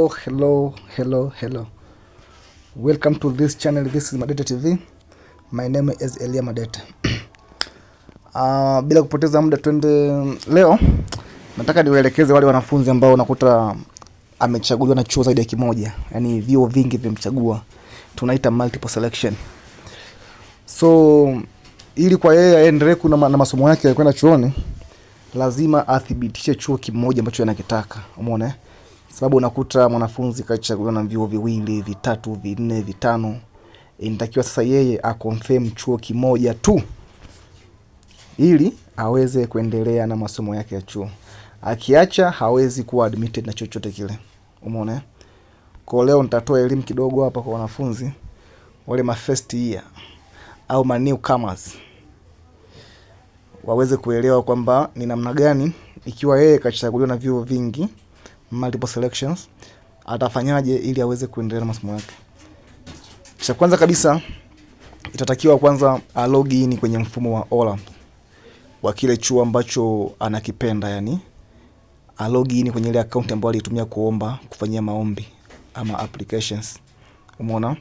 Oh, hello hello hello welcome to this channel this is Madete TV my name is Elia Madete uh, ah, bila kupoteza muda twende leo nataka niwaelekeze wale wanafunzi ambao unakuta amechaguliwa na chuo zaidi ya kimoja yani vyuo vingi vimchagua. tunaita multiple selection so ili kwa yeye aendelee kuna na masomo yake ya kwenda chuoni lazima athibitishe chuo kimoja ambacho anakitaka umeona eh? sababu unakuta mwanafunzi kachaguliwa na vyuo viwili vitatu vinne vitano, inatakiwa sasa yeye akonfirm chuo kimoja tu ili aweze kuendelea na masomo yake ya chuo. Akiacha hawezi kuwa admitted na chochote kile. Umeona? Eh? Kwa leo nitatoa elimu kidogo hapa kwa wanafunzi wale ma first year au ma newcomers waweze kuelewa kwamba ni namna gani ikiwa yeye kachaguliwa na vyuo vingi multiple selections, atafanyaje ili aweze kuendelea na masomo yake? Cha kwanza kabisa itatakiwa kwanza a login kwenye mfumo wa Ola wa kile chuo ambacho anakipenda, yani a login kwenye ile account ambayo alitumia kuomba kufanyia maombi ama applications. Umeona?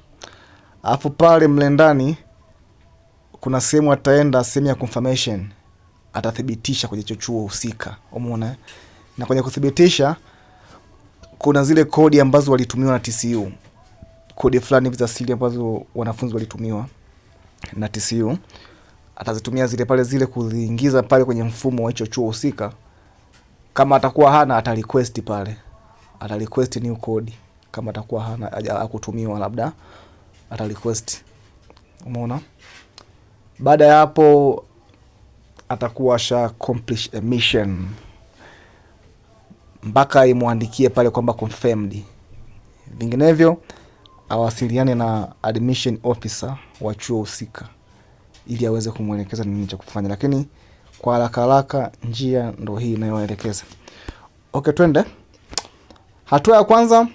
Alafu pale mle ndani kuna sehemu ataenda sehemu ya confirmation, atathibitisha kwenye chuo husika. Umeona? Na kwenye kuthibitisha kuna zile kodi ambazo walitumiwa na TCU, kodi fulani za siri ambazo wanafunzi walitumiwa na TCU, atazitumia zile pale zile kuziingiza pale kwenye mfumo wa hicho chuo husika. Kama atakuwa hana ata request pale, ata request new code. Kama atakuwa hana hakutumiwa, labda ata request, umeona. Baada ya hapo atakuwa sha accomplish a mission mpaka imwandikie pale kwamba confirmed, vinginevyo awasiliane na admission officer wa chuo husika ili aweze kumwelekeza nini cha kufanya, lakini kwa haraka haraka njia ndo hii inayoelekeza. Okay, twende hatua ya kwanza.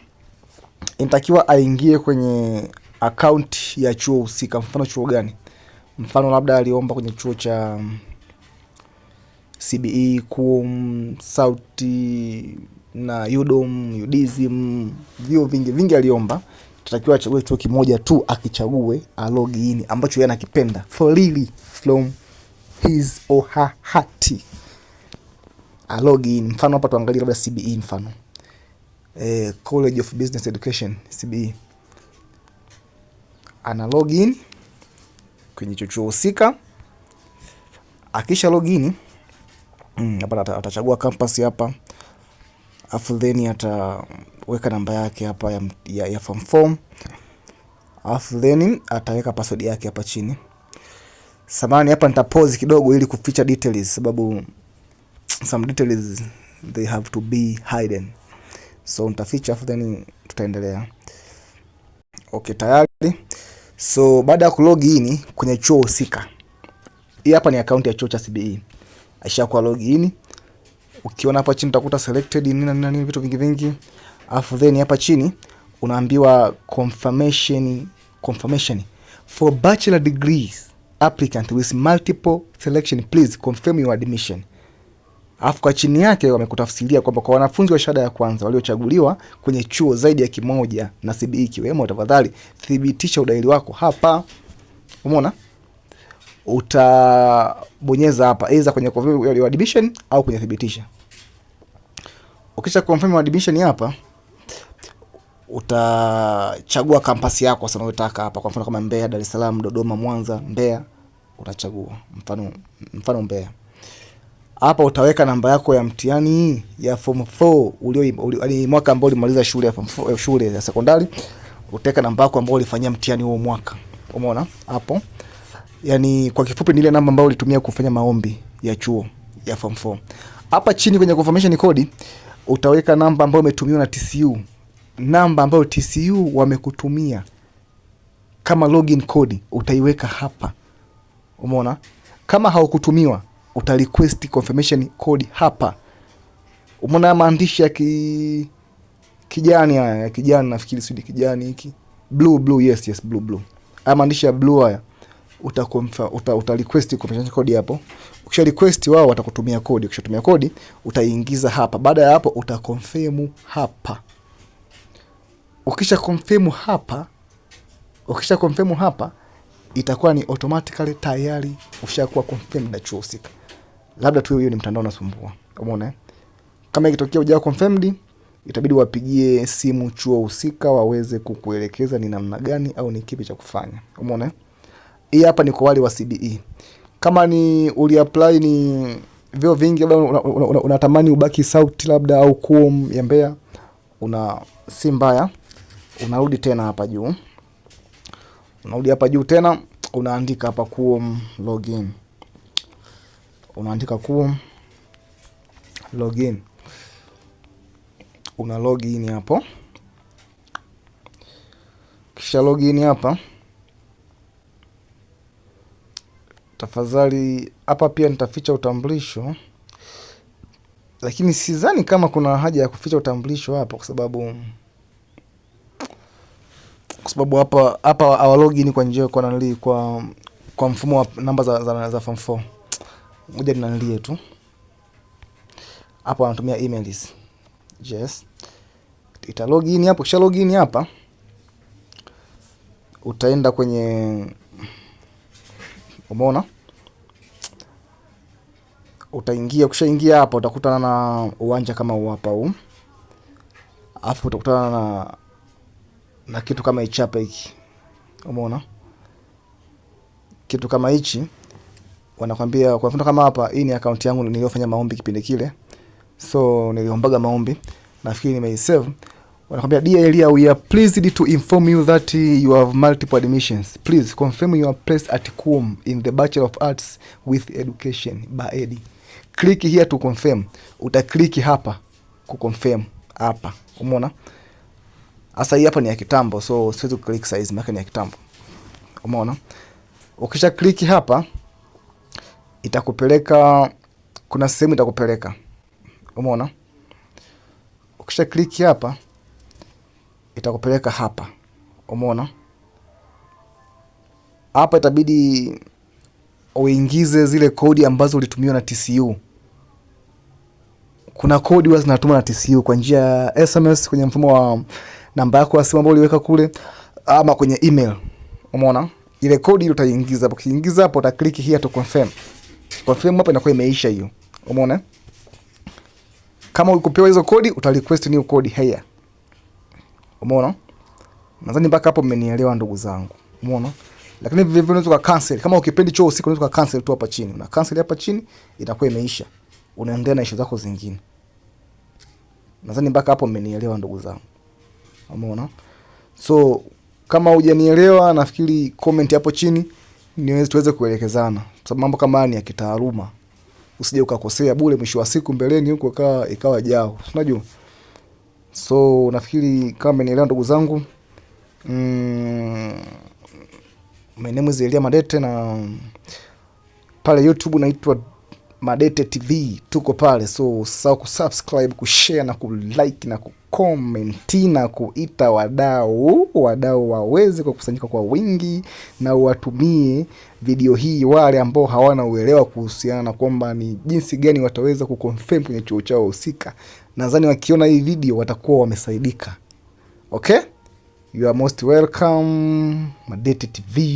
Inatakiwa aingie kwenye akaunti ya chuo husika. Mfano chuo gani? Mfano labda aliomba kwenye chuo cha CBE, KUM, Sauti na Udom, Udism, vyuo vingi vingi aliomba. Tutakiwa achague chuo kimoja tu, akichague alog in ambacho yeye anakipenda for from his or her heart, alog in. Mfano hapa tuangalie labda CBE mfano eh, College of Business Education CBE, ana log in kwenye chuo husika. Akisha log in Mm, hapa mm, atachagua campus hapa, afu then ataweka namba yake hapa ya, ya, ya form form, afu then ataweka password yake hapa chini. Samani hapa nita pause kidogo ili kuficha details, sababu some details they have to be hidden, so nitaficha, afu then tutaendelea. Okay, tayari. So baada ya kulog in kwenye chuo husika, hii hapa ni account ya chuo cha CBE. Aishakuwa login. Ukiona hapa chini utakuta selected nini na nini vitu vingi vingi. Alafu then hapa chini unaambiwa confirmation confirmation for bachelor degrees applicant with multiple selection please confirm your admission. Alafu kwa chini yake wamekutafsiria kwamba kwa wanafunzi wa shahada ya kwanza waliochaguliwa kwenye chuo zaidi ya kimoja na CBE ikiwemo, tafadhali thibitisha udahili wako hapa. Umeona? utabonyeza hapa either kwenye confirm your admission au kwenye thibitisha. Ukisha confirm admission hapa utachagua kampasi yako sasa unayotaka hapa, kwa mfano kama Mbeya, Dar es Salaam, Dodoma, Mwanza, Mbeya utachagua mfano mfano Mbeya. Hapa utaweka namba yako ya mtihani ya form 4 ulio ni mwaka ambao ulimaliza shule ya form 4, shule ya sekondari, utaweka namba yako ambayo ulifanyia mtihani huo mwaka. Umeona hapo? yani kwa kifupi ni ile namba ambayo ulitumia kufanya maombi ya chuo ya form 4. Hapa chini kwenye confirmation code utaweka namba ambayo umetumiwa na TCU, namba ambayo TCU wamekutumia kama login code utaiweka hapa. Umeona? Kama haukutumiwa uta request confirmation code hapa. Umeona maandishi ya ki kijani haya, ya kijani nafikiri, sio kijani hiki. Blue blue, yes yes, blue blue. Haya maandishi ya blue haya uta uta, uta request confirmation code hapo. Ukisha request wao watakutumia kodi, kodi utaingiza hapa. Baada ya hapo uta confirm hapa. Ukisha confirm hapa, ukisha confirm hapa itakuwa ni automatically tayari ushakuwa confirmed na chuo husika. Labda tu hiyo ni mtandao unasumbua. Umeona eh? Kama ikitokea confirmed itabidi wapigie simu chuo husika waweze kukuelekeza ni namna gani au ni kipi cha kufanya. Umeona? Eh? Hii e, hapa ni kwa wale wa CBE. Kama ni uliapply ni vyo vingi, labda unatamani una, una, una ubaki sauti labda au kuom ya Mbeya, una si mbaya, unarudi tena hapa juu, unarudi hapa juu tena unaandika hapa kuom login, unaandika kuom login, una login hapo, kisha login hapa Tafadhali hapa pia nitaficha utambulisho, lakini sidhani kama kuna haja ya kuficha utambulisho hapa, kwa sababu kwa sababu hapa hapa hawalogin kwa njia kwa nani, kwa kwa mfumo wa namba za, za, za form 4. Ngoja ninalie tu hapa, wanatumia emails yes. Ita login hapo, kisha login hapa utaenda kwenye Umeona, utaingia ukishaingia hapa utakutana na uwanja kama huu hapa huu, alafu utakutana na na kitu kama hichi hapa hiki. Umeona kitu kama hichi, wanakwambia kwa mfano kama hapa, hii ni akaunti yangu niliyofanya maombi kipindi kile, so niliombaga maombi, nafikiri nimeisave wanakwambia dear Elia we are pleased to inform you that you have multiple admissions please confirm your place at CUM in the Bachelor of Arts with Education baedi click here to confirm uta click hapa ku confirm hapa umeona Asa hii hapa ni ya kitambo, so siwezi ku click size maana ni ya kitambo. Umeona? Ukisha click hapa itakupeleka kuna sehemu itakupeleka. Umeona? Ukisha click hapa itakupeleka hapa. Umeona hapa, itabidi uingize zile kodi ambazo ulitumiwa na TCU. Kuna kodi huwa zinatumwa na TCU kwa njia ya SMS kwenye mfumo wa namba yako ya simu ambayo uliweka kule ama kwenye email. Umeona ile kodi ile utaingiza hapo. Ukiingiza hapo utaklik click here to confirm. Confirm hapo inakuwa imeisha hiyo. Umeona? Kama ulikupewa hizo kodi uta request new code here. Umeona? Nadhani mpaka hapo mmenielewa ndugu zangu. Umeona? Lakini vivyo hivyo unaweza ka cancel kama ukipendi choo usiku unaweza ka cancel tu hapa chini. Una cancel hapa chini itakuwa imeisha. Unaendelea na issue zako zingine. Nadhani mpaka hapo mmenielewa ndugu zangu. Umeona? So kama hujanielewa nafikiri comment hapo chini niweze tuweze kuelekezana. Kwa sababu mambo kama haya ni ya kitaaluma. Usije ukakosea bure mwisho wa siku mbeleni huko ikawa ikawa jao. Unajua? So nafikiri kama mmenielewa ndugu zangu. Mm, my name is Elia Madete na pale YouTube naitwa Madete TV tuko pale, so usisahau kusubscribe, kushare na kulike na kukomenti na kuita wadau, wadau waweze kukusanyika kwa wingi na watumie video hii wale ambao hawana uelewa kuhusiana na kwamba ni jinsi gani wataweza kuconfirm kwenye chuo chao husika. Nadhani wakiona hii video watakuwa wamesaidika. Okay, you are most welcome Madete TV.